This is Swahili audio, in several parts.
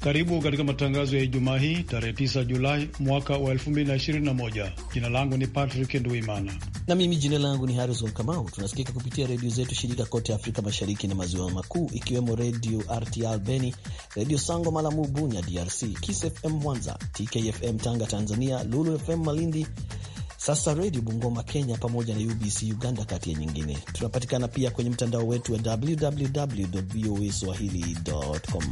Karibu katika matangazo ya Ijumaa hii tarehe 9 Julai mwaka wa 2021. Jina langu ni Patrick Nduimana na mimi jina langu ni Harrison Kamau. Tunasikika kupitia redio zetu shirika kote Afrika Mashariki na Maziwa Makuu, ikiwemo Redio RTR Beni, Redio Sango Malamu Bunya DRC, Kis FM Mwanza, TKFM Tanga Tanzania, Lulu FM Malindi, sasa Redio Bungoma Kenya, pamoja na UBC Uganda, kati ya nyingine. Tunapatikana pia kwenye mtandao wetu wa www voa swahili.com.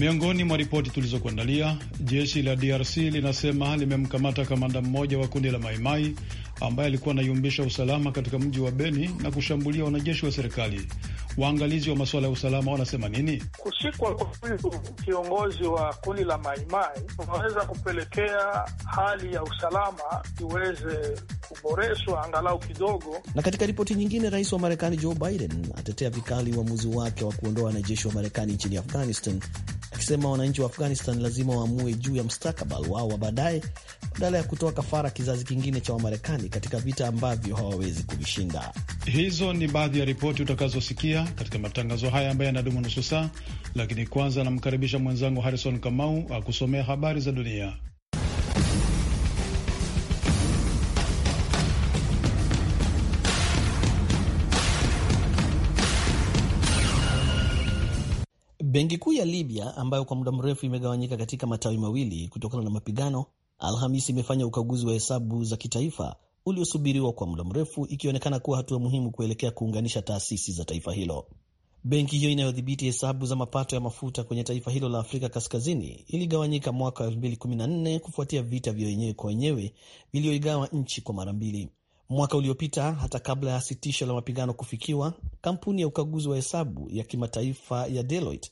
Miongoni mwa ripoti tulizokuandalia, jeshi la DRC linasema limemkamata kamanda mmoja wa kundi la Maimai ambaye alikuwa anayumbisha usalama katika mji wa Beni na kushambulia wanajeshi wa serikali. Waangalizi wa masuala ya usalama wanasema nini? Kushikwa kwa huyu kiongozi wa kundi la Maimai unaweza kupelekea hali ya usalama iweze kuboreshwa angalau kidogo. Na katika ripoti nyingine, rais wa Marekani Joe Biden atetea vikali uamuzi wake wa kuondoa wanajeshi wa Marekani nchini Afghanistan akisema wananchi wa Afghanistan lazima waamue juu ya mstakabal wao wa baadaye badala ya kutoa kafara kizazi kingine cha Wamarekani katika vita ambavyo hawawezi kuvishinda. Hizo ni baadhi ya ripoti utakazosikia katika matangazo haya ambayo yanadumu nusu saa, lakini kwanza anamkaribisha mwenzangu Harrison Kamau akusomea habari za dunia. Benki kuu ya Libya ambayo kwa muda mrefu imegawanyika katika matawi mawili kutokana na mapigano, Alhamisi imefanya ukaguzi wa hesabu za kitaifa uliosubiriwa kwa muda mrefu, ikionekana kuwa hatua muhimu kuelekea kuunganisha taasisi za taifa hilo. Benki hiyo inayodhibiti hesabu za mapato ya mafuta kwenye taifa hilo la Afrika Kaskazini iligawanyika mwaka 2014 kufuatia vita vya wenyewe kwa wenyewe viliyoigawa nchi kwa mara mbili. Mwaka uliopita, hata kabla ya sitisho la mapigano kufikiwa, kampuni ya ukaguzi wa hesabu ya kimataifa ya Deloitte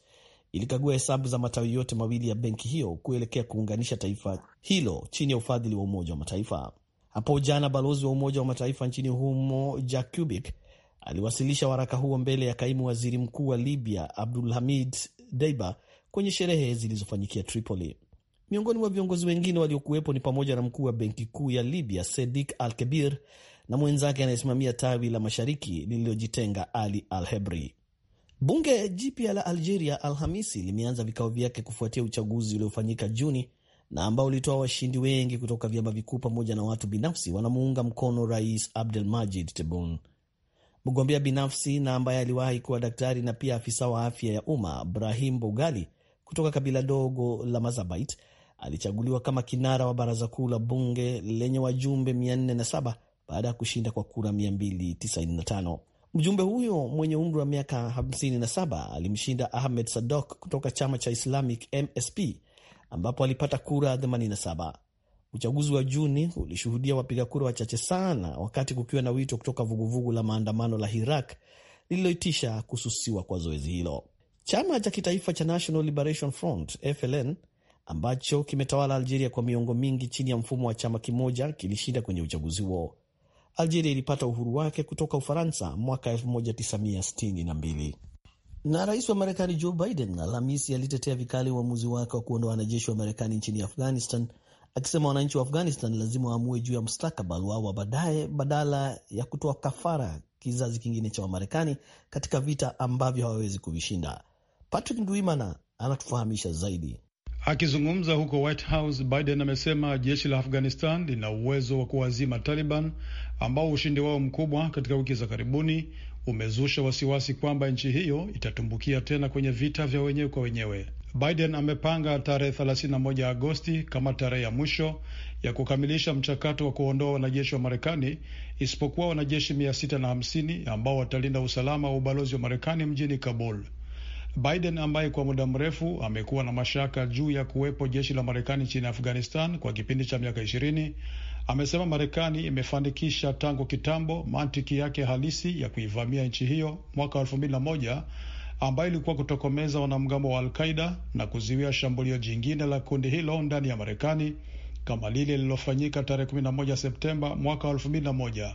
ilikagua hesabu za matawi yote mawili ya benki hiyo kuelekea kuunganisha taifa hilo chini ya ufadhili wa Umoja wa Mataifa. Hapo jana balozi wa Umoja wa Mataifa nchini humo Jack aliwasilisha waraka huo mbele ya kaimu waziri mkuu wa Libya Abdulhamid Deiba kwenye sherehe zilizofanyikia Tripoli. Miongoni mwa viongozi wengine waliokuwepo ni pamoja na mkuu wa benki kuu ya Libya Sedik Al Kebir na mwenzake anayesimamia tawi la mashariki lililojitenga Ali Al Hebri. Bunge jipya la Algeria Alhamisi limeanza vikao vyake kufuatia uchaguzi uliofanyika Juni na ambao ulitoa washindi wengi kutoka vyama vikuu pamoja na watu binafsi wanamuunga mkono Rais Abdelmajid Tebboune. Mgombea binafsi na ambaye aliwahi kuwa daktari na pia afisa wa afya ya umma Brahim Bougali kutoka kabila dogo la Mazabait alichaguliwa kama kinara wa baraza kuu la bunge lenye wajumbe 407 baada ya kushinda kwa kura 295. Mjumbe huyo mwenye umri wa miaka 57 alimshinda Ahmed Sadok kutoka chama cha Islamic MSP ambapo alipata kura 87. Uchaguzi wa Juni ulishuhudia wapiga kura wachache sana, wakati kukiwa na wito kutoka vuguvugu la maandamano la Hirak lililoitisha kususiwa kwa zoezi hilo. Chama cha kitaifa cha National Liberation Front FLN ambacho kimetawala Algeria kwa miongo mingi chini ya mfumo wa chama kimoja kilishinda kwenye uchaguzi huo. Algeria ilipata uhuru wake kutoka Ufaransa mwaka 1962 na rais wa Marekani Joe Biden Alhamisi alitetea vikali uamuzi wake wa kuondoa wanajeshi wa Marekani nchini Afghanistan, akisema wananchi wa Afghanistan lazima waamue juu ya mustakabali wao wa baadaye badala ya kutoa kafara kizazi kingine cha Wamarekani katika vita ambavyo hawawezi kuvishinda. Patrick Ndwimana anatufahamisha zaidi. Akizungumza huko White House, Biden amesema jeshi la Afghanistan lina uwezo wa kuwazima Taliban ambao ushindi wao mkubwa katika wiki za karibuni umezusha wasiwasi kwamba nchi hiyo itatumbukia tena kwenye vita vya wenyewe kwa wenyewe. Biden amepanga tarehe 31 Agosti kama tarehe ya mwisho ya kukamilisha mchakato wa kuondoa wanajeshi wa Marekani, isipokuwa wanajeshi 650 ambao watalinda usalama wa ubalozi wa Marekani mjini Kabul. Biden ambaye kwa muda mrefu amekuwa na mashaka juu ya kuwepo jeshi la Marekani nchini Afghanistan kwa kipindi cha miaka ishirini amesema Marekani imefanikisha tangu kitambo mantiki yake halisi ya kuivamia nchi hiyo mwaka elfu mbili na moja ambayo ilikuwa kutokomeza wanamgambo wa Alqaida na kuziwia shambulio jingine la kundi hilo ndani ya Marekani kama lile lililofanyika tarehe 11 Septemba mwaka moja.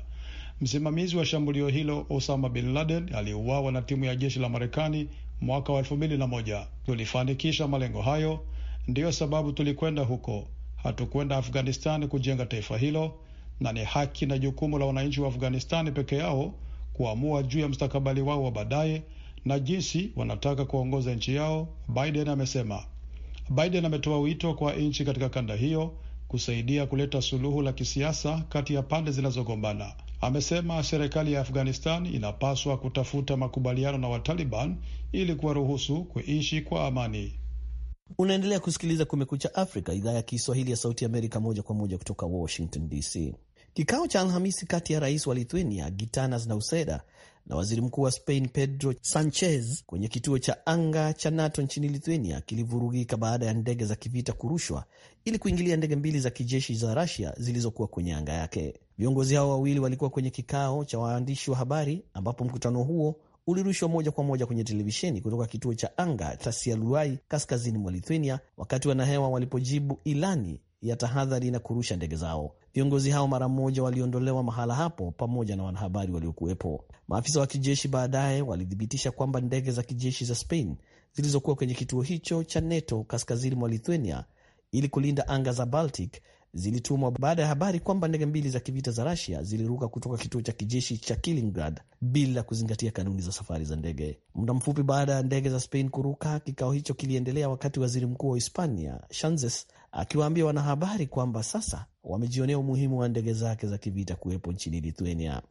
Msimamizi wa shambulio hilo Osama bin Laden aliuawa na timu ya jeshi la Marekani mwaka wa elfu mbili na moja. Tulifanikisha malengo hayo, ndiyo sababu tulikwenda huko. Hatukwenda Afghanistani kujenga taifa hilo, na ni haki na jukumu la wananchi wa Afghanistani peke yao kuamua juu ya mstakabali wao wa baadaye na jinsi wanataka kuongoza nchi yao, Biden amesema. Biden ametoa wito kwa nchi katika kanda hiyo kusaidia kuleta suluhu la kisiasa kati ya pande zinazogombana amesema serikali ya Afghanistan inapaswa kutafuta makubaliano na Wataliban ili kuwaruhusu kuishi kwa amani. Unaendelea kusikiliza Kumekucha Afrika, idhaa ya Kiswahili ya Sauti Amerika, moja kwa moja kutoka Washington DC. Kikao cha Alhamisi kati ya rais wa Lithuania Gitanas Nauseda na waziri mkuu wa Spain Pedro Sanchez kwenye kituo cha anga cha NATO nchini Lithuania kilivurugika baada ya ndege za kivita kurushwa ili kuingilia ndege mbili za kijeshi za Rusia zilizokuwa kwenye anga yake. Viongozi hao wawili walikuwa kwenye kikao cha waandishi wa habari ambapo mkutano huo ulirushwa moja kwa moja kwenye televisheni kutoka kituo cha anga tasialuai kaskazini mwa Lithuania, wakati wanahewa walipojibu ilani ya tahadhari na kurusha ndege zao. Viongozi hao mara moja waliondolewa mahala hapo pamoja na wanahabari waliokuwepo. Maafisa wa kijeshi baadaye walithibitisha kwamba ndege za kijeshi za Spain zilizokuwa kwenye kituo hicho cha NATO kaskazini mwa Lithuania ili kulinda anga za Baltic zilitumwa baada ya habari kwamba ndege mbili za kivita za rasia ziliruka kutoka kituo cha kijeshi cha Kaliningrad bila kuzingatia kanuni za safari za ndege. Muda mfupi baada ya ndege za Spain kuruka, kikao hicho kiliendelea wakati waziri mkuu wa Hispania Sanchez akiwaambia wanahabari kwamba sasa wamejionea umuhimu wa ndege zake za kivita kuwepo nchini Lithuania.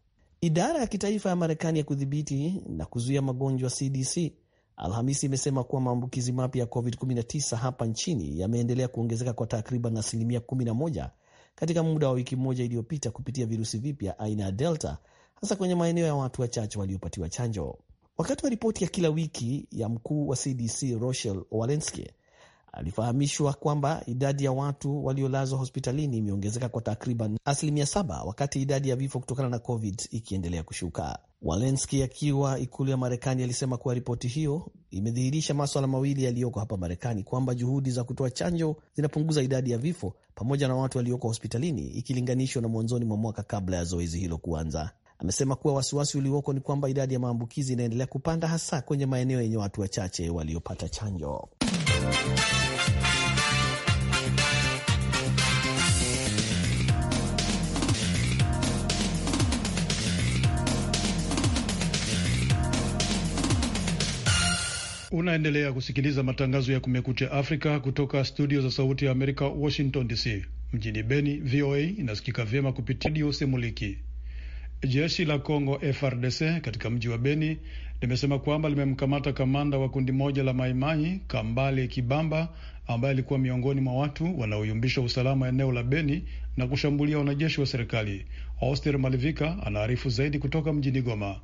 Idara ya kitaifa ya Marekani ya kudhibiti na kuzuia magonjwa CDC Alhamisi imesema kuwa maambukizi mapya ya COVID-19 hapa nchini yameendelea kuongezeka kwa takriban asilimia 11 katika muda wa wiki moja iliyopita kupitia virusi vipya aina ya Delta, hasa kwenye maeneo ya watu wachache waliopatiwa chanjo. Wakati wa ripoti ya kila wiki ya mkuu wa CDC Rochelle Walensky alifahamishwa kwamba idadi ya watu waliolazwa hospitalini imeongezeka kwa takriban asilimia saba wakati idadi ya vifo kutokana na COVID ikiendelea kushuka. walenski akiwa ikulu ya Marekani alisema kuwa ripoti hiyo imedhihirisha maswala mawili yaliyoko hapa Marekani, kwamba juhudi za kutoa chanjo zinapunguza idadi ya vifo pamoja na watu walioko hospitalini ikilinganishwa na mwanzoni mwa mwaka kabla ya zoezi hilo kuanza. Amesema kuwa wasiwasi ulioko ni kwamba idadi ya maambukizi inaendelea kupanda hasa kwenye maeneo yenye watu wachache waliopata chanjo. Unaendelea kusikiliza matangazo ya Kumekucha Afrika kutoka studio za Sauti ya Amerika, Washington DC. Mjini Beni, VOA inasikika vyema kupitia redio Semuliki. Jeshi la congo FRDC katika mji wa Beni limesema kwamba limemkamata kamanda wa kundi moja la Maimai Kambale Kibamba ambaye alikuwa miongoni mwa watu wanaoyumbisha usalama eneo la Beni na kushambulia wanajeshi wa serikali. Auster Malivika anaarifu zaidi kutoka mjini Goma.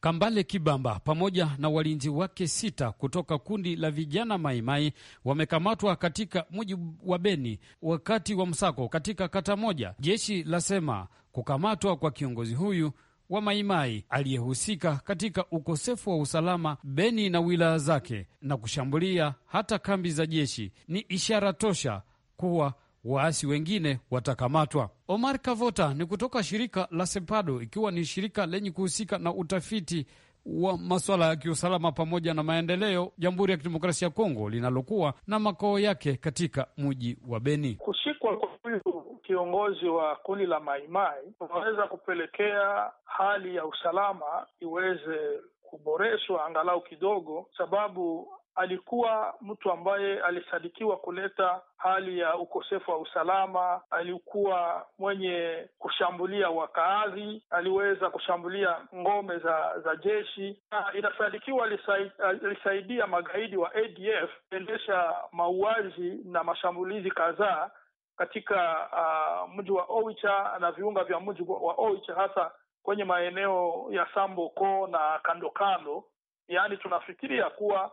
Kambale Kibamba pamoja na walinzi wake sita kutoka kundi la vijana Maimai wamekamatwa katika mji wa Beni wakati wa msako katika kata moja. Jeshi lasema kukamatwa kwa kiongozi huyu wa Maimai aliyehusika katika ukosefu wa usalama Beni na wilaya zake na kushambulia hata kambi za jeshi ni ishara tosha kuwa waasi wengine watakamatwa. Omar Kavota ni kutoka shirika la SEPADO, ikiwa ni shirika lenye kuhusika na utafiti wa masuala ya kiusalama pamoja na maendeleo, Jamhuri ya Kidemokrasia ya Kongo linalokuwa na makao yake katika mji wa Beni. Kushikwa kwa huyu kiongozi wa kundi la Maimai unaweza kupelekea hali ya usalama iweze kuboreshwa angalau kidogo, sababu alikuwa mtu ambaye alisadikiwa kuleta hali ya ukosefu wa usalama. Alikuwa mwenye kushambulia wakaazi, aliweza kushambulia ngome za za jeshi, na inasadikiwa alisaidia magaidi wa ADF kuendesha mauaji na mashambulizi kadhaa katika uh, mji wa Oicha na viunga vya mji wa Oicha, hasa kwenye maeneo ya Samboko na kando kando. Yaani tunafikiria kuwa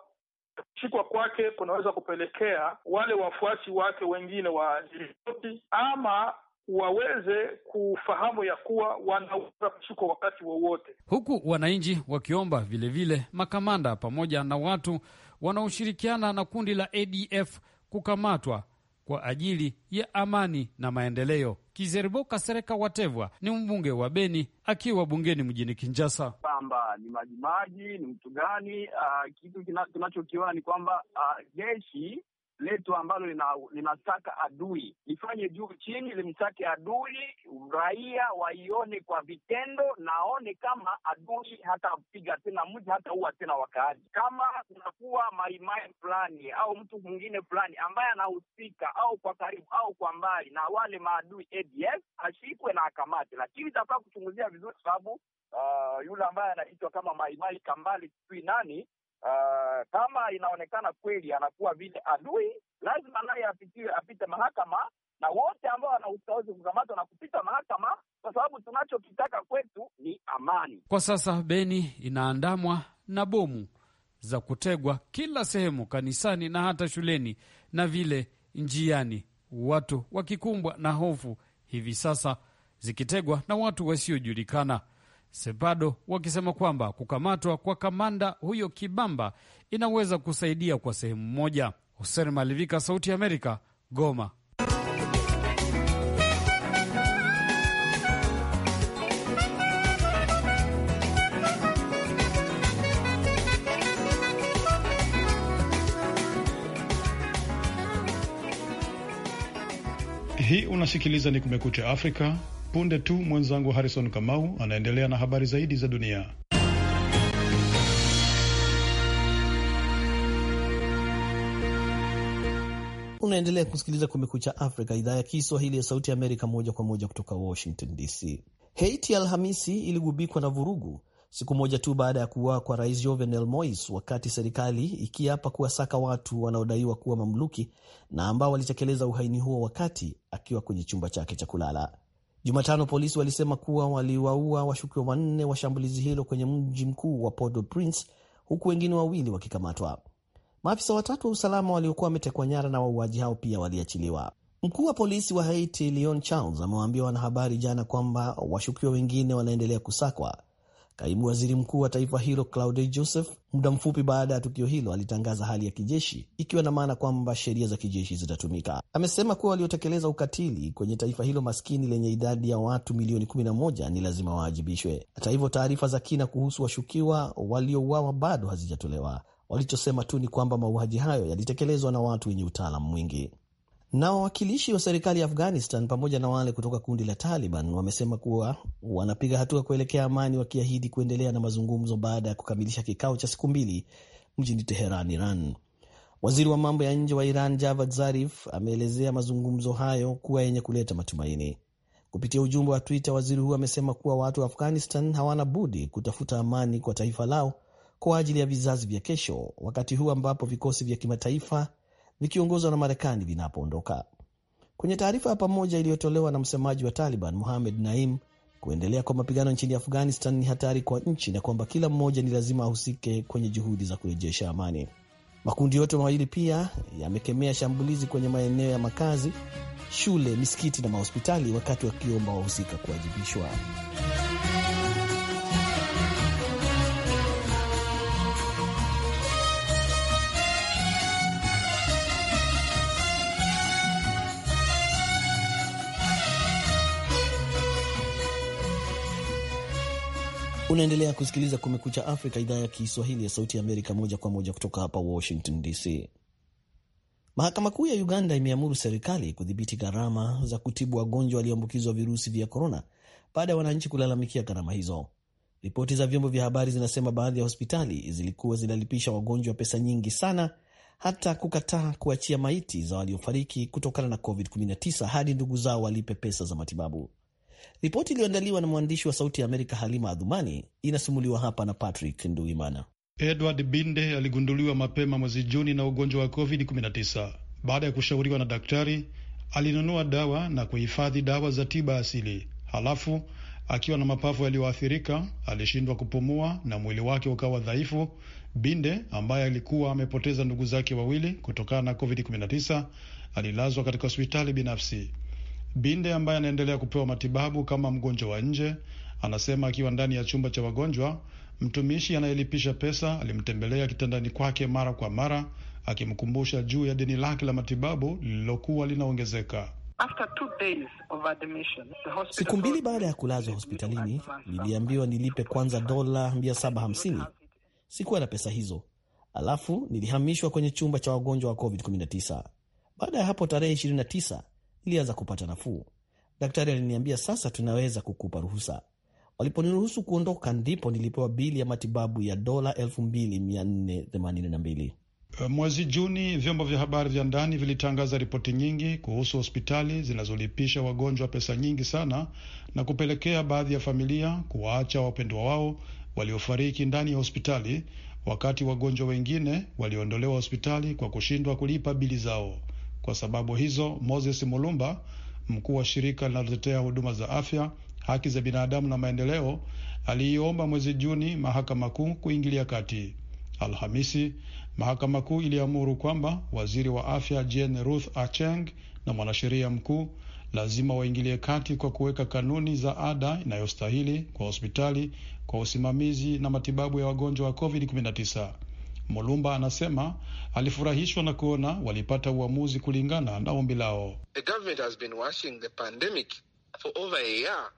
kushikwa kwake kunaweza kupelekea wale wafuasi wake wengine wajiripoti ama waweze kufahamu ya kuwa wanaweza kushikwa wakati wowote, wa huku wananchi wakiomba vilevile vile makamanda pamoja na watu wanaoshirikiana na kundi la ADF kukamatwa kwa ajili ya amani na maendeleo. Kizeribo Kasereka Watevwa ni mbunge wa Beni akiwa bungeni mjini Kinjasa. Kwamba ni majimaji ni mtu gani? Uh, kitu kinachokiona ni kwamba uh, jeshi letu ambalo linataka lina adui lifanye juu chini, limtake adui. Raia waione kwa vitendo, naone kama adui hatapiga tena mji, hata ua tena wakaaji. Kama kunakuwa maimai fulani au mtu mwingine fulani ambaye anahusika au kwa karibu au kwa mbali na wale maadui ADF, ashikwe na akamate, lakini itafaa kuchunguzia vizuri, sababu uh, yule ambaye anaitwa kama maimai kambali sijui nani Uh, kama inaonekana kweli anakuwa vile adui, lazima naye apitiwe, apite mahakama na wote ambao wanastahili kukamatwa na kupita mahakama, kwa sababu tunachokitaka kwetu ni amani. Kwa sasa Beni inaandamwa na bomu za kutegwa kila sehemu, kanisani na hata shuleni, na vile njiani, watu wakikumbwa na hofu hivi sasa zikitegwa na watu wasiojulikana. SEPADO wakisema kwamba kukamatwa kwa kamanda huyo Kibamba inaweza kusaidia kwa sehemu moja. Hussein Malivika, Sauti ya Amerika, Goma. Hii unasikiliza ni Kumekucha Afrika Punde tu mwenzangu Harrison Kamau anaendelea na habari zaidi za dunia. Unaendelea kusikiliza Kumekucha Afrika, idhaa ya Kiswahili ya Sauti ya Amerika, moja kwa moja kutoka Washington DC. Haiti Alhamisi iligubikwa na vurugu siku moja tu baada ya kuuawa kwa rais Jovenel Mois, wakati serikali ikiapa kuwasaka watu wanaodaiwa kuwa mamluki na ambao walitekeleza uhaini huo wakati akiwa kwenye chumba chake cha kulala. Jumatano polisi walisema kuwa waliwaua washukiwa wanne wa shambulizi hilo kwenye mji mkuu wa Port-au-Prince, huku wengine wawili wakikamatwa. Maafisa watatu wa usalama waliokuwa wametekwa nyara na wauaji hao pia waliachiliwa. Mkuu wa polisi wa Haiti Leon Charles amewaambia wanahabari jana kwamba washukiwa wengine wanaendelea kusakwa Kaimu waziri mkuu wa taifa hilo Claude Joseph, muda mfupi baada ya tukio hilo, alitangaza hali ya kijeshi, ikiwa na maana kwamba sheria za kijeshi zitatumika. Amesema kuwa waliotekeleza ukatili kwenye taifa hilo maskini lenye idadi ya watu milioni 11 ni lazima waajibishwe. Hata hivyo, taarifa za kina kuhusu washukiwa waliouawa bado hazijatolewa. Walichosema tu ni kwamba mauaji hayo yalitekelezwa na watu wenye utaalamu mwingi. Na wawakilishi wa serikali ya Afghanistan pamoja na wale kutoka kundi la Taliban wamesema kuwa wanapiga hatua kuelekea amani, wakiahidi kuendelea na mazungumzo baada ya kukamilisha kikao cha siku mbili mjini Teheran, Iran. Waziri wa mambo ya nje wa Iran Javad Zarif ameelezea mazungumzo hayo kuwa yenye kuleta matumaini. Kupitia ujumbe wa Twitter, waziri huyo amesema kuwa watu wa Afghanistan hawana budi kutafuta amani kwa taifa lao kwa ajili ya vizazi vya kesho, wakati huu ambapo vikosi vya kimataifa vikiongozwa na Marekani vinapoondoka. Kwenye taarifa ya pamoja iliyotolewa na msemaji wa Taliban Muhamed Naim, kuendelea kwa mapigano nchini Afghanistan ni hatari kwa nchi na kwamba kila mmoja ni lazima ahusike kwenye juhudi za kurejesha amani. Makundi yote mawili pia yamekemea shambulizi kwenye maeneo ya makazi, shule, misikiti na mahospitali, wakati wakiomba wahusika kuwajibishwa. Unaendelea kusikiliza Kumekucha Afrika, idhaa ya Kiswahili ya Sauti ya Amerika, moja kwa moja kutoka hapa Washington DC. Mahakama Kuu ya Uganda imeamuru serikali kudhibiti gharama za kutibu wagonjwa walioambukizwa virusi vya korona baada ya wananchi kulalamikia gharama hizo. Ripoti za vyombo vya habari zinasema baadhi ya hospitali zilikuwa zinalipisha wagonjwa pesa nyingi sana, hata kukataa kuachia maiti za waliofariki kutokana na COVID-19 hadi ndugu zao walipe pesa za matibabu. Ripoti iliyoandaliwa na mwandishi wa Sauti ya Amerika Halima Adhumani inasimuliwa hapa na Patrick Nduimana. Edward Binde aligunduliwa mapema mwezi Juni na ugonjwa wa COVID-19. Baada ya kushauriwa na daktari, alinunua dawa na kuhifadhi dawa za tiba asili. Halafu akiwa na mapafu yaliyoathirika, alishindwa kupumua na mwili wake ukawa dhaifu. Binde ambaye alikuwa amepoteza ndugu zake wawili kutokana na COVID-19 alilazwa katika hospitali binafsi. Binde ambaye anaendelea kupewa matibabu kama mgonjwa wa nje anasema akiwa ndani ya chumba cha wagonjwa, mtumishi anayelipisha pesa alimtembelea kitandani kwake mara kwa mara akimkumbusha juu ya deni lake la matibabu lililokuwa linaongezeka. Siku mbili baada ya kulazwa hospitalini, niliambiwa nilipe kwanza dola 750. Sikuwa na pesa hizo, alafu nilihamishwa kwenye chumba cha wagonjwa wa COVID-19. Baada ya hapo, tarehe 29 nilianza kupata nafuu. Daktari aliniambia sasa tunaweza kukupa ruhusa. Waliponiruhusu kuondoka, ndipo nilipewa bili ya matibabu ya dola 2482. Eh, mwezi Juni, vyombo vya habari vya ndani vilitangaza ripoti nyingi kuhusu hospitali zinazolipisha wagonjwa pesa nyingi sana na kupelekea baadhi ya familia kuwaacha wapendwa wao waliofariki ndani ya hospitali, wakati wagonjwa wengine waliondolewa hospitali kwa kushindwa kulipa bili zao. Kwa sababu hizo, Moses Mulumba, mkuu wa shirika linalotetea huduma za afya, haki za binadamu na maendeleo, aliiomba mwezi Juni mahakama kuu kuingilia kati. Alhamisi, mahakama kuu iliamuru kwamba waziri wa afya Jane Ruth Acheng na mwanasheria mkuu lazima waingilie kati kwa kuweka kanuni za ada inayostahili kwa hospitali kwa usimamizi na matibabu ya wagonjwa wa COVID-19. Mulumba anasema alifurahishwa na kuona walipata uamuzi kulingana na ombi lao.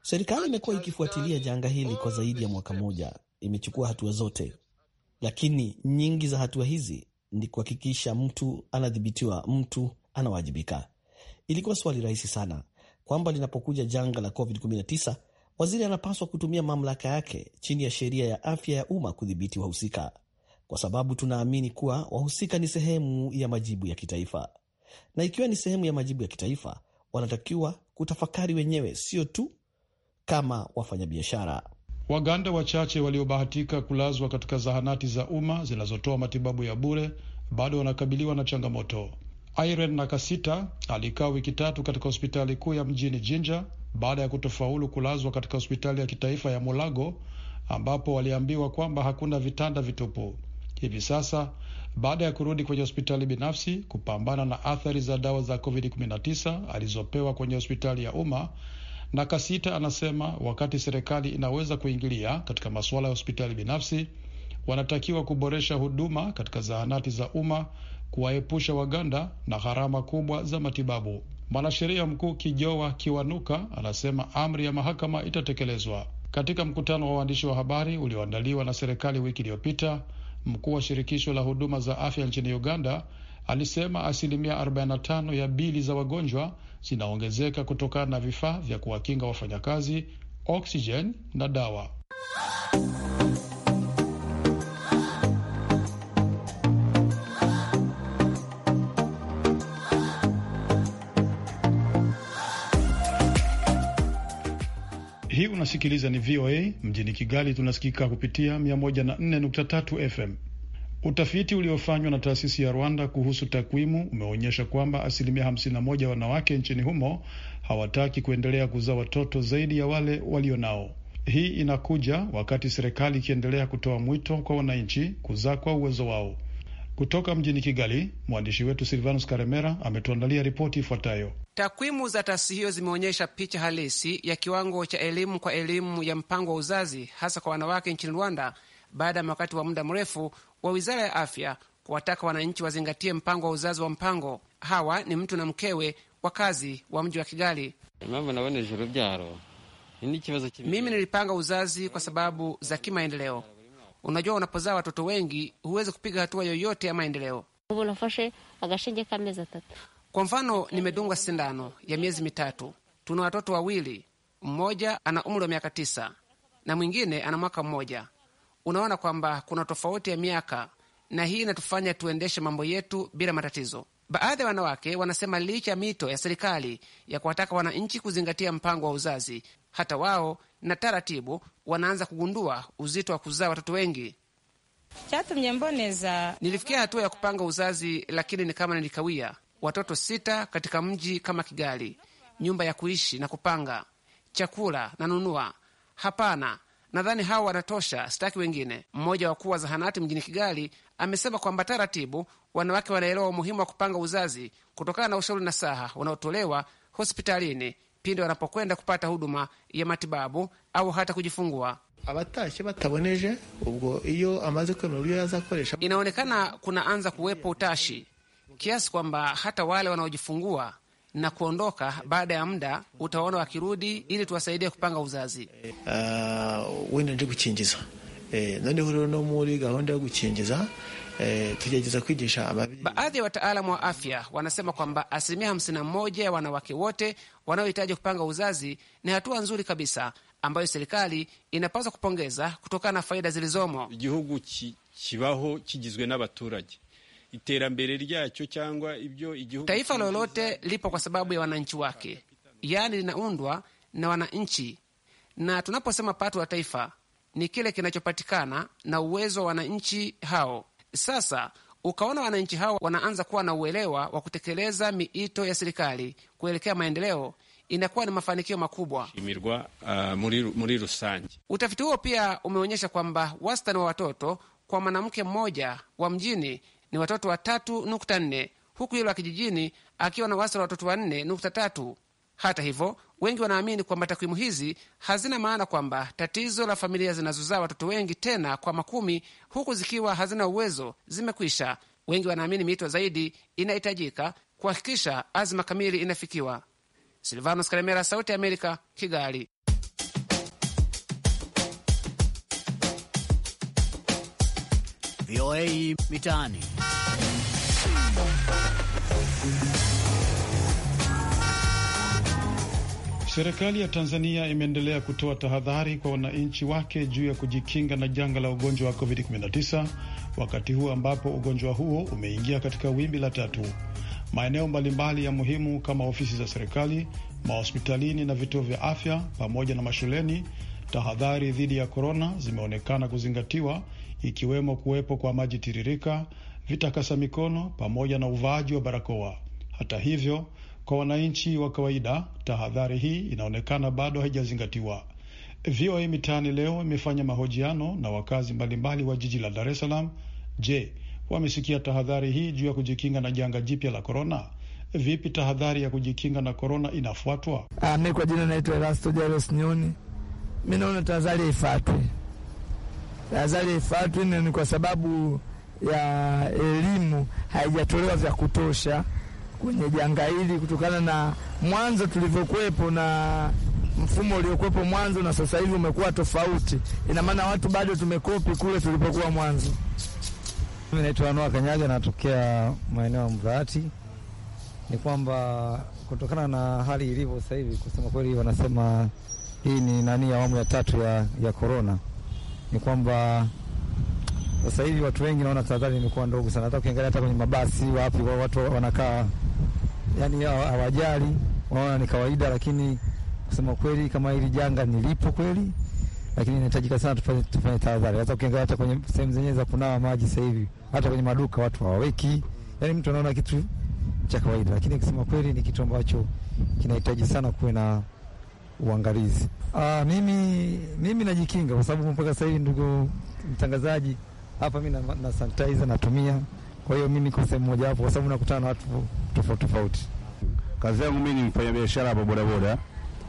Serikali imekuwa ikifuatilia janga hili kwa zaidi ya mwaka mmoja, imechukua hatua zote, lakini nyingi za hatua hizi ni kuhakikisha mtu anadhibitiwa, mtu anawajibika. Ilikuwa swali rahisi sana kwamba linapokuja janga la COVID-19 waziri anapaswa kutumia mamlaka yake chini ya sheria ya afya ya umma kudhibiti wahusika kwa sababu tunaamini kuwa wahusika ni sehemu ya majibu ya kitaifa, na ikiwa ni sehemu ya majibu ya kitaifa, wanatakiwa kutafakari wenyewe, sio tu kama wafanyabiashara. Waganda wachache waliobahatika kulazwa katika zahanati za umma zinazotoa matibabu ya bure bado wanakabiliwa na changamoto. Irene Nakasita alikaa wiki tatu katika hospitali kuu ya mjini Jinja baada ya kutofaulu kulazwa katika hospitali ya kitaifa ya Mulago ambapo waliambiwa kwamba hakuna vitanda vitupu hivi sasa baada ya kurudi kwenye hospitali binafsi kupambana na athari za dawa za COVID-19 alizopewa kwenye hospitali ya umma. Na Kasita anasema wakati serikali inaweza kuingilia katika masuala ya hospitali binafsi, wanatakiwa kuboresha huduma katika zahanati za umma, kuwaepusha Waganda na gharama kubwa za matibabu. Mwanasheria mkuu Kijowa Kiwanuka anasema amri ya mahakama itatekelezwa. Katika mkutano wa waandishi wa habari ulioandaliwa na serikali wiki iliyopita Mkuu wa shirikisho la huduma za afya nchini Uganda alisema asilimia 45 ya bili za wagonjwa zinaongezeka kutokana na vifaa vya kuwakinga wafanyakazi, oksijeni na dawa. unasikiliza ni VOA mjini Kigali, tunasikika kupitia 104.3 FM. Utafiti uliofanywa na taasisi ya Rwanda kuhusu takwimu umeonyesha kwamba asilimia 51 wanawake nchini humo hawataki kuendelea kuzaa watoto zaidi ya wale walio nao Hii inakuja wakati serikali ikiendelea kutoa mwito kwa wananchi kuzaa kwa uwezo wao. Kutoka mjini Kigali, mwandishi wetu Silvanus Karemera ametuandalia ripoti ifuatayo. Takwimu za taasisi hiyo zimeonyesha picha halisi ya kiwango cha elimu kwa elimu ya mpango wa uzazi hasa kwa wanawake nchini Rwanda baada ya wakati wa muda mrefu wa wizara ya afya kuwataka wananchi wazingatie mpango wa uzazi wa mpango. Hawa ni mtu na mkewe, wakazi wa mji wa Kigali. Mimi nilipanga uzazi kwa sababu za kimaendeleo. Unajua, unapozaa watoto wengi huwezi kupiga hatua yoyote ya maendeleo. Kwa mfano, nimedungwa sindano ya miezi mitatu. Tuna watoto wawili, mmoja ana umri wa miaka tisa na mwingine ana mwaka mmoja. Unaona kwamba kuna tofauti ya miaka, na hii inatufanya tuendeshe mambo yetu bila matatizo. Baadhi ya wanawake wanasema licha ya mito ya serikali ya kuwataka wananchi kuzingatia mpango wa uzazi, hata wao na taratibu wanaanza kugundua uzito wa kuzaa watoto wengi. Nilifikia hatua ya kupanga uzazi, lakini ni kama nilikawia watoto sita katika mji kama Kigali, nyumba ya kuishi na kupanga, chakula nanunua. Hapana, nadhani hawa wanatosha, sitaki wengine. Mmoja wa wakuu wa zahanati mjini Kigali amesema kwamba taratibu wanawake wanaelewa umuhimu wa kupanga uzazi kutokana na ushauri na saha unaotolewa hospitalini pindi wanapokwenda kupata huduma ya matibabu au hata kujifungua. abatashe bataboneje ubwo iyo amaze kwemera uburyo yazakoresha, inaonekana kunaanza kuwepo utashi kiasi kwamba hata wale wanaojifungua na kuondoka baada ya muda utawaona wakirudi, ili tuwasaidie kupanga uzazi. Uh, wenda ndi kuchinjiza eh, noneho rero no muri gahunda yo gukingiza eh, kwigisha ababyeyi. Baadhi ya wataalamu wa afya wanasema kwamba asilimia 51 ya wanawake wote wanaohitaji kupanga uzazi ni hatua nzuri kabisa ambayo serikali inapaswa kupongeza kutokana na faida zilizomo. Igihugu kibaho kigizwe n'abaturage iterambere ryacyo cyangwa ibyo igihugu. Taifa lolote lipo kwa sababu ya wananchi wake, yaani linaundwa na wananchi, na tunaposema pato la taifa ni kile kinachopatikana na uwezo wa wananchi hao. Sasa ukaona wananchi hao wanaanza kuwa na uelewa wa kutekeleza miito ya serikali kuelekea maendeleo, inakuwa ni mafanikio makubwa Shimirwa, uh, ah, muriru, muriru Utafiti huo pia umeonyesha kwamba wastani wa watoto kwa mwanamke mmoja wa mjini ni watoto watatu nukta nne huku yule wa kijijini akiwa na wasa wa watoto wanne nukta tatu. Hata hivyo, wengi wanaamini kwamba takwimu hizi hazina maana kwamba tatizo la familia zinazozaa watoto wengi tena kwa makumi, huku zikiwa hazina uwezo, zimekwisha. Wengi wanaamini miito zaidi inahitajika kuhakikisha azima kamili inafikiwa. Silvanos Karemera, Sauti ya Amerika, Kigali. VOA Mitaani. Serikali ya Tanzania imeendelea kutoa tahadhari kwa wananchi wake juu ya kujikinga na janga la ugonjwa wa COVID-19 wakati huu ambapo ugonjwa huo umeingia katika wimbi la tatu. Maeneo mbalimbali ya muhimu kama ofisi za serikali, mahospitalini na vituo vya afya pamoja na mashuleni, tahadhari dhidi ya korona zimeonekana kuzingatiwa ikiwemo kuwepo kwa maji tiririka, vitakasa mikono pamoja na uvaaji wa barakoa. Hata hivyo, kwa wananchi wa kawaida, tahadhari hii inaonekana bado haijazingatiwa. VOA Mitaani leo imefanya mahojiano na wakazi mbalimbali wa jiji la Dar es Salaam. Je, wamesikia tahadhari hii juu ya kujikinga na janga jipya la korona? Vipi tahadhari ya kujikinga na korona inafuatwa? Ah, mi kwa jina naitwa Erasto Jaros Nyoni. Mi naona tahadhari haifuatwi lazari haifuatwi, ni kwa sababu ya elimu haijatolewa vya kutosha kwenye janga hili, kutokana na mwanzo tulivyokuwepo na mfumo uliokuwepo mwanzo na sasa hivi umekuwa tofauti. Ina maana watu bado tumekopi kule tulipokuwa mwanzo. Mimi naitwa Noa Kanyaga, natokea maeneo ya Mdhati. Ni kwamba kutokana na hali ilivyo sasa hivi, kusema kweli, wanasema hii ni nani, awamu ya tatu ya korona ya ni kwamba sasa hivi watu wengi naona tahadhari imekuwa ndogo sana, hata ukiangalia hata kwenye mabasi wapi watu wanakaa, yani hawajali, wanaona ni kawaida. Lakini kusema kweli, kama hili janga ni lipo kweli, lakini inahitajika sana tufanye tufanye tahadhari. Hata ukiangalia hata kwenye sehemu zenyewe za kunawa maji sasa hivi, hata kwenye maduka watu hawaweki, yani mtu anaona kitu cha kawaida, lakini kusema kweli ni kitu ambacho kinahitaji sana kuwe na uangalizi. Aa, ah, mimi, mimi najikinga kwa sababu mpaka sasa hivi, ndugu mtangazaji, hapa mi na, na sanitizer natumia. Kwa hiyo mi niko sehemu moja hapo, kwa sababu nakutana na watu tofauti tofauti. Kazi yangu mi ni mfanya biashara hapa bodaboda.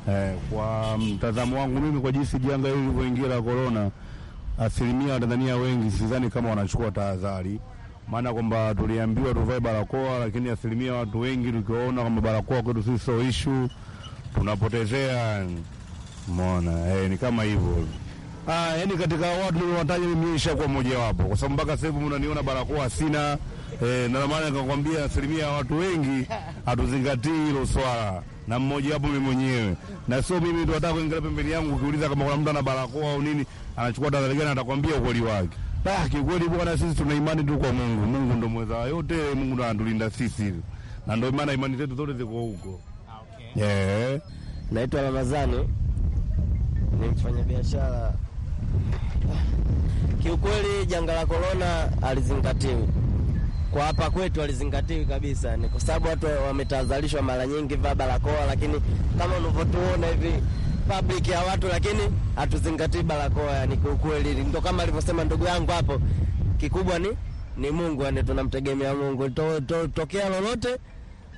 Eh, kwa mtazamo wangu mimi, kwa jinsi janga hili lilivyoingia la korona, asilimia Watanzania wengi sidhani kama wanachukua tahadhari, maana kwamba tuliambiwa tuvae barakoa, lakini asilimia watu wengi tukiwaona kwamba barakoa kwetu sisi sio issue unapotezea mona eh, ni kama hivyo ah, yani katika watu niliwataja mimi mmoja wapo, kwa sababu mpaka sasa hivi mnaniona barakoa sina eh, na maana nikakwambia asilimia ya watu wengi hatuzingatii hilo swala na mmoja wapo mimi mwenyewe, na sio mimi ndio nataka kuingia pembeni yangu. Ukiuliza kama kuna mtu ana barakoa au nini, anachukua tahadhari gani, atakwambia ukweli wake. Ah, kiukweli bwana, sisi tuna imani tu kwa Mungu. Mungu ndio mweza yote, Mungu ndio anatulinda sisi, na ndio maana imani zetu zote ziko huko. Yeah. Naitwa Ramazani, ni mfanya biashara Kiukweli janga la korona alizingatiwi kwa hapa kwetu alizingatiwi kabisa, ni kwa sababu watu wametazalishwa mara nyingi vaa barakoa, lakini kama unavyotuona hivi public ya watu, lakini hatuzingatii barakoa. Yani kiukweli, ndo kama alivyosema ndugu yangu hapo, kikubwa ni ni Mungu, yani tunamtegemea Mungu to, to, tokea lolote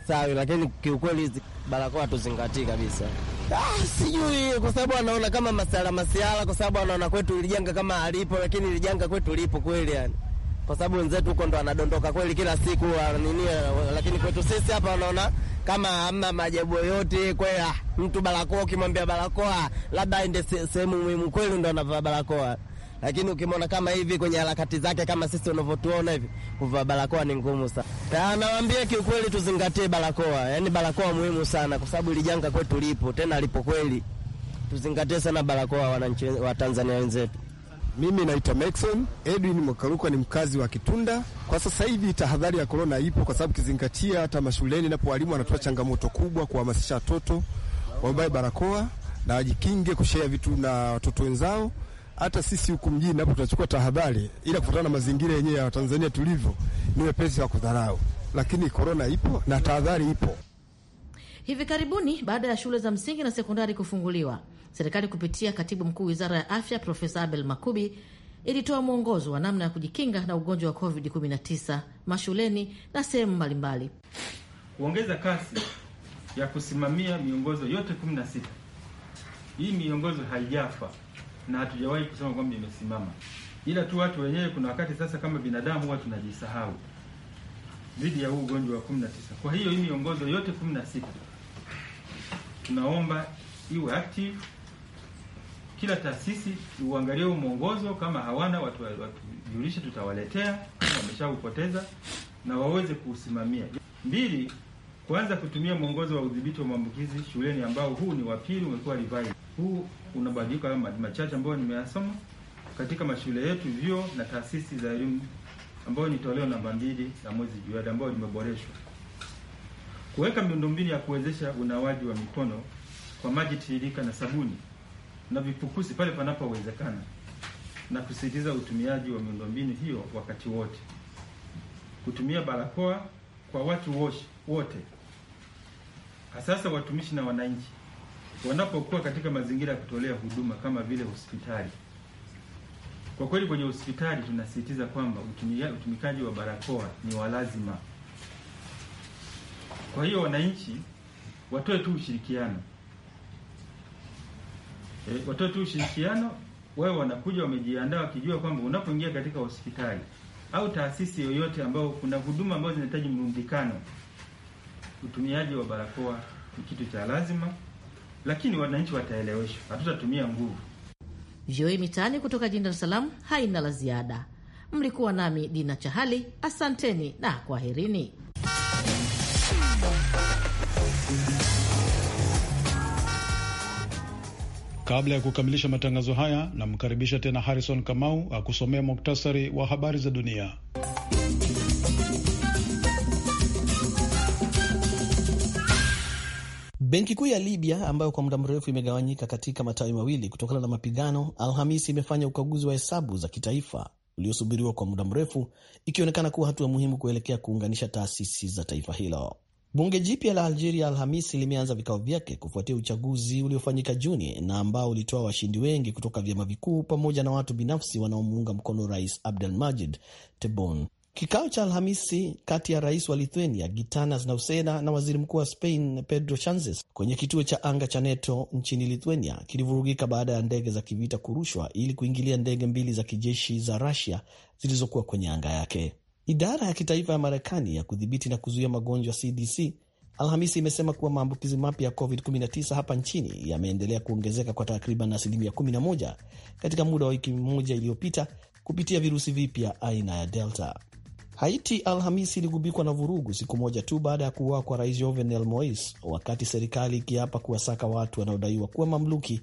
sawi, lakini kiukweli barakoa tuzingatii kabisa. Ah, sijui kwa sababu anaona kama masala masiala, kwa sababu anaona kwetu ilijanga kama alipo, lakini ilijanga kwetu lipo kweli yani kwa sababu wenzetu huko ndo anadondoka kweli kila siku nini, lakini kwetu sisi hapa wanaona kama hamna majabu yoyote kweli. Ah, mtu barakoa, ukimwambia barakoa, labda aende sehemu muhimu, kweli ndo anavaa barakoa lakini ukimwona kama hivi kwenye harakati zake kama sisi unavyotuona hivi, kuvaa barakoa ni ngumu sana. Nawaambia kiukweli, tuzingatie barakoa, yaani barakoa muhimu sana, kwa sababu ilijanga kwetu lipo tena, lipo kweli. Tuzingatie sana barakoa, wananchi wa Tanzania wenzetu. Mimi naitwa Maxon Edwin Mwakaruka, ni mkazi wa Kitunda. Kwa sasa hivi tahadhari ya korona ipo, kwa sababu kizingatia hata mashuleni napo walimu wanatoa changamoto kubwa kuhamasisha watoto wavae barakoa na wajikinge kushea vitu na watoto wenzao hata sisi huku mjini hapo tutachukua tahadhari, ila kutokana na mazingira yenyewe ya Tanzania tulivyo, ni wepesi wa kudharau, lakini korona ipo na tahadhari ipo. Hivi karibuni baada ya shule za msingi na sekondari kufunguliwa, serikali kupitia katibu mkuu wizara ya afya Profesa Abel Makubi ilitoa mwongozo wa namna ya kujikinga na ugonjwa wa COVID-19 mashuleni na sehemu mbalimbali, kuongeza kasi ya kusimamia miongozo yote 16. Hii miongozo haijafa na hatujawahi kusema kwamba imesimama, ila tu watu wenyewe, kuna wakati sasa kama binadamu huwa tunajisahau dhidi ya huu ugonjwa wa 19. Kwa hiyo hii miongozo yote 16 tunaomba iwe active, kila taasisi uangalie huu mwongozo, kama hawana watu watujulishe, tutawaletea kama wameshaupoteza na waweze kuusimamia. Mbili, kuanza kutumia mwongozo wa udhibiti wa maambukizi shuleni ambao huu ni wa pili, umekuwa revised huu kuna mabadiliko hayo machache ambayo nimeyasoma katika mashule yetu, vyuo na taasisi za elimu, ambayo ni toleo namba mbili la mwezi Julayi, ambayo limeboreshwa kuweka miundombinu ya kuwezesha unawaji wa mikono kwa maji tiririka na sabuni na vipukusi pale panapowezekana na kusisitiza utumiaji wa miundombinu hiyo wakati wote, kutumia barakoa kwa watu wote, hasasa watumishi na wananchi wanapokuwa katika mazingira ya kutolea huduma kama vile hospitali. Kwa kweli kwenye hospitali tunasisitiza kwamba utumikaji wa barakoa ni wa lazima. Kwa hiyo wananchi watoe tu ushirikiano e, watoe tu ushirikiano. Wewe wanakuja wamejiandaa, wakijua kwamba unapoingia katika hospitali au taasisi yoyote ambayo kuna huduma ambazo zinahitaji mrundikano, utumiaji wa barakoa ni kitu cha lazima lakini wananchi wataeleweshwa, hatutatumia nguvu. VOA Mitaani kutoka jijini Dar es Salaam haina la ziada. Mlikuwa nami Dina Chahali, asanteni na kwaherini. Kabla ya kukamilisha matangazo haya, namkaribisha tena Harrison Kamau akusomea muktasari wa habari za dunia. Benki kuu ya Libya ambayo kwa muda mrefu imegawanyika katika matawi mawili kutokana na mapigano, Alhamisi imefanya ukaguzi wa hesabu za kitaifa uliosubiriwa kwa muda mrefu, ikionekana kuwa hatua muhimu kuelekea kuunganisha taasisi za taifa hilo. Bunge jipya la Algeria Alhamisi limeanza vikao vyake kufuatia uchaguzi uliofanyika Juni na ambao ulitoa washindi wengi kutoka vyama vikuu pamoja na watu binafsi wanaomuunga mkono Rais Abdelmadjid Tebboune. Kikao cha Alhamisi kati ya rais wa Lithuania Gitanas Nauseda na waziri mkuu wa Spain Pedro Sanchez kwenye kituo cha anga cha NATO nchini Lithuania kilivurugika baada ya ndege za kivita kurushwa ili kuingilia ndege mbili za kijeshi za Rusia zilizokuwa kwenye anga yake. Idara ya kitaifa ya Marekani ya kudhibiti na kuzuia magonjwa CDC Alhamisi imesema kuwa maambukizi mapya ya COVID-19 hapa nchini yameendelea kuongezeka kwa takriban asilimia 11 katika muda wa wiki moja iliyopita kupitia virusi vipya aina ya Delta. Haiti Alhamisi iligubikwa na vurugu siku moja tu baada ya kuuawa kwa rais Jovenel Mois, wakati serikali ikiapa kuwasaka watu wanaodaiwa kuwa mamluki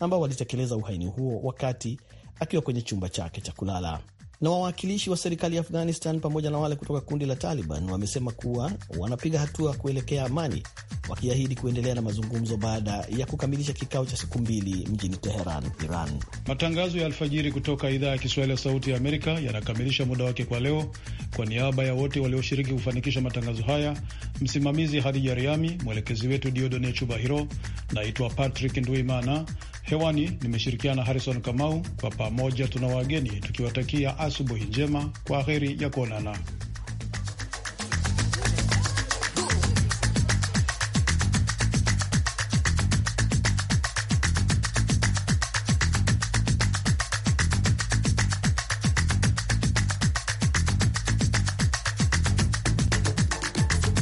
ambao walitekeleza uhaini huo wakati akiwa kwenye chumba chake cha kulala na wawakilishi wa serikali ya Afghanistan pamoja na wale kutoka kundi la Taliban wamesema kuwa wanapiga hatua kuelekea amani, wakiahidi kuendelea na mazungumzo baada ya kukamilisha kikao cha siku mbili mjini Teheran, Iran. Matangazo ya alfajiri kutoka idhaa ya Kiswahili ya Sauti ya Amerika yanakamilisha muda wake kwa leo. Kwa niaba ya wote walioshiriki kufanikisha matangazo haya, msimamizi Hadija Riami, mwelekezi wetu Diodone Chubahiro, naitwa Patrick Nduimana Hewani nimeshirikiana na Harrison Kamau. Kwa pamoja tuna wageni tukiwatakia asubuhi njema, kwa heri ya kuonana.